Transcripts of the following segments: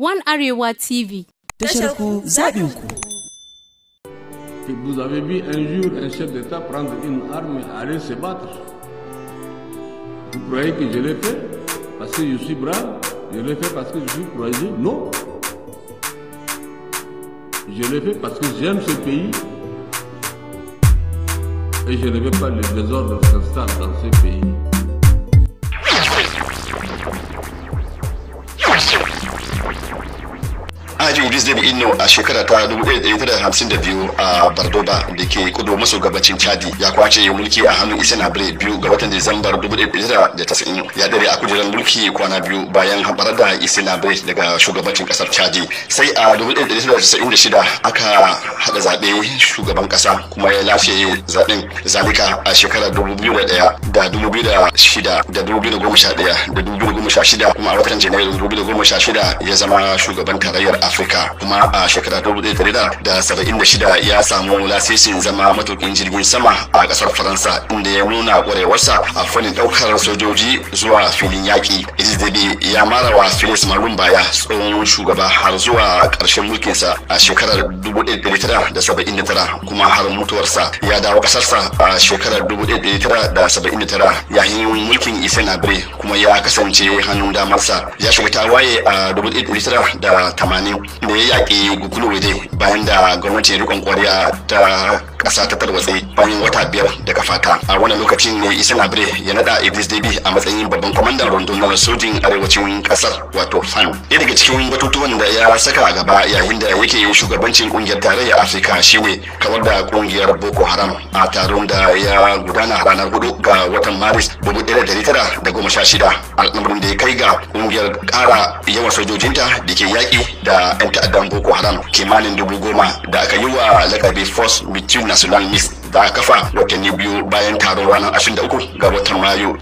One Arewa TV. Vous avez vu un jour un chef d'État prendre une arme et aller se battre. Vous croyez que je l'ai fait parce que je suis brave Je l'ai fait parce que je suis courageux Non. Je l'ai fait parce que j'aime ce pays et je ne veux pas le désordre s'installe dans ce pays. Alhaji idris debi inno a shekara ta 1952 a bardoba da ke kudu maso gabacin chadi ya kwace ya mulki a hannun isa nabre biyu ga watan disambar 1990 ya dare a kujerar mulki kwana biyu bayan haɓar da isa nabre daga shugabancin kasar chadi sai a 1996 aka haɗa zaɓe shugaban ƙasa kuma ya lafiya yi zaɓen zalika a shekarar 2001 da 2006 da 2011 da 2016 kuma a watan janairu 2016 ya zama shugaban tarayyar afirka Africa kuma a shekara 1976 ya samu lasisin zama matukin jirgin sama a kasar Faransa inda ya nuna kwarewarsa a fannin daukar sojoji zuwa filin yaki. Idris ya mara wa Felix Malum baya tsohon shugaba har zuwa karshen mulkinsa a shekarar 1979 kuma har mutuwarsa ya dawo kasarsa a shekarar 1979 yayin mulkin Isan Abre kuma ya kasance hannun damarsa ya shiga tawaye a 1980 da ya yaƙi gukulu waje bayan da gwamnati ya rikon kwariya ta kasa ta tarwatse bayan wata biyar da ka fata a wani lokacin ne isa labre ya nada idris debi a matsayin babban kwamandan rundunar sojin arewacin kasar wato fan ɗaya daga cikin batutuwan da ya saka a gaba yayin da yake yin shugabancin ƙungiyar tarayya afirka shiwe kawar da kungiyar boko haram a taron da ya gudana ranar hudu ga watan maris dubu ɗaya da tara da goma sha shida al'amarin da ya kai ga ƙungiyar kara yawan sojojinta da ke yaƙi da 'yan ta'addan boko haram kimanin dubu goma da aka yi wa lakabi force mitin national news da aka kafa watanni biyu bayan taron ranar 23 ga watan mayu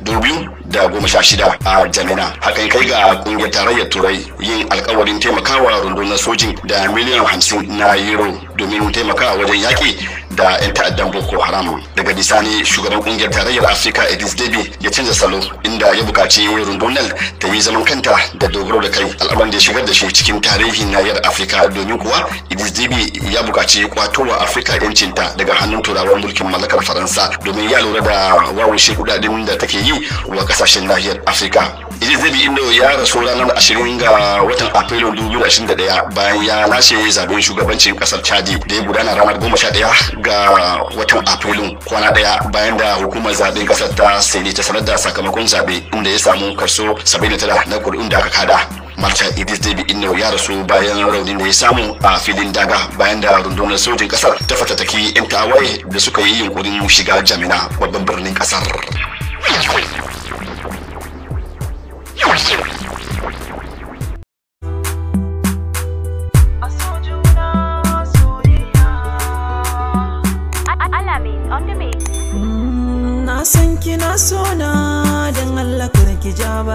shida a jamina hakan kai ga kungiyar tarayyar turai yin alkawarin taimakawa rundunar sojin da miliyan hamsin na euro domin taimakawa wajen yaƙi da 'yan ta'addan boko haram daga bisani shugaban kungiyar tarayyar afirka edis debi ya canza salo inda ya bukaci wurin donald ta yi zaman kanta da dogaro da kai al'amarin da ya shigar da shi cikin tarihin nahiyar afirka domin kuwa edis debi ya bukaci kwatowa afirka yancinta daga hannun turawan mulkin mallakar faransa domin ya lura da shi kudaden da take yi wa kasashen nahiyar afirka idris debi indo ya rasu ranar ashirin ga watan afrilun daya bayan ya lashe zaben shugabancin kasar chadi da ya gudana ranar goma sha daya. ga watan afrilu kwana daya bayan da hukumar zabe kasar ta sani ta sanar da sakamakon zabe inda ya samu kaso 79 na kuri'un da aka kada marta idris david inno ya rasu bayan raunin da ya samu a filin daga bayan da rundunar sojin kasar ta fatattaki yan tawaye da suka yi yunkurin shiga jamina babban birnin kasar Mm, na san kina na don Allah karki ja ba.